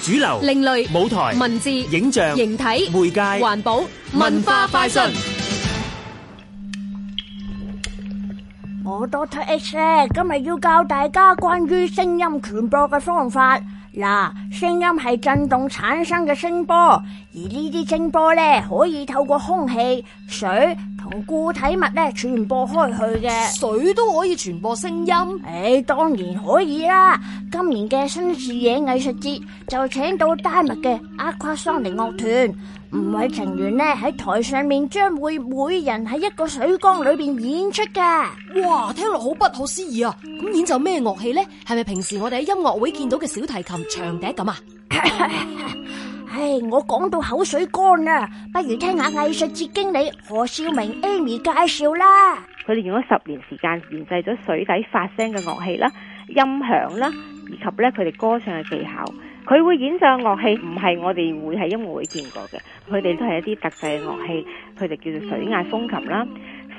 主流、另類、舞台、文字、影像、形體、媒介、環保、文化、快訊。我 Doctor H 咧，今日要教大家關於聲音傳播嘅方法。嗱，聲音係震動產生嘅聲波，而呢啲聲波咧可以透過空氣、水。同固體物咧傳播開去嘅，水都可以傳播聲音。誒、哎，當然可以啦。今年嘅新視野藝術節就請到丹麥嘅 Aquasonic 樂團，五位成員咧喺台上面將會每，每人喺一個水缸裏邊演出嘅。哇，聽落好不可思議啊！咁演奏咩樂器咧？係咪平時我哋喺音樂會見到嘅小提琴、長笛咁啊？ 哎、我講到口水乾啦，不如聽下藝術節經理何少明 Amy 介紹啦。佢哋用咗十年時間研製咗水底發聲嘅樂器啦、音響啦，以及咧佢哋歌唱嘅技巧。佢會演奏嘅樂器唔係我哋會喺音樂會見過嘅，佢哋都係一啲特製嘅樂器，佢哋叫做水壓風琴啦、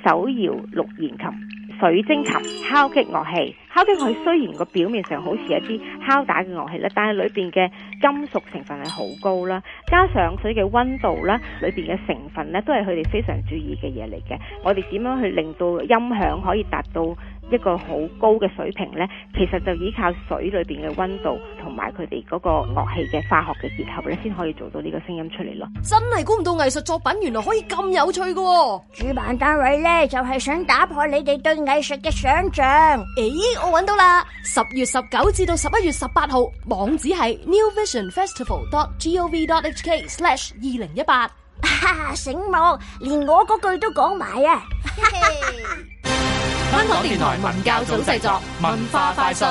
手搖六弦琴。水晶琴、敲擊樂器、敲擊佢雖然個表面上好似一啲敲打嘅樂器咧，但係裏邊嘅金屬成分係好高啦。加上水嘅溫度啦，裏邊嘅成分咧都係佢哋非常注意嘅嘢嚟嘅。我哋點樣去令到音響可以達到一個好高嘅水平咧，其實就依靠水裏邊嘅溫度同埋佢哋嗰個樂器嘅化學嘅結合咧，先可以做到呢個聲音出嚟咯。真係估唔到藝術作品原來可以咁有趣噶、哦！主辦單位咧就係、是、想打破你哋對藝術嘅想象。咦、哎，我揾到啦！十月十九至到十一月十八號，網址係 newvisionfestival.gov.hk/slash 二零一八。哈哈、啊，醒目，連我嗰句都講埋啊！ 香港電台文教組製作《文化，製作文化快訊》。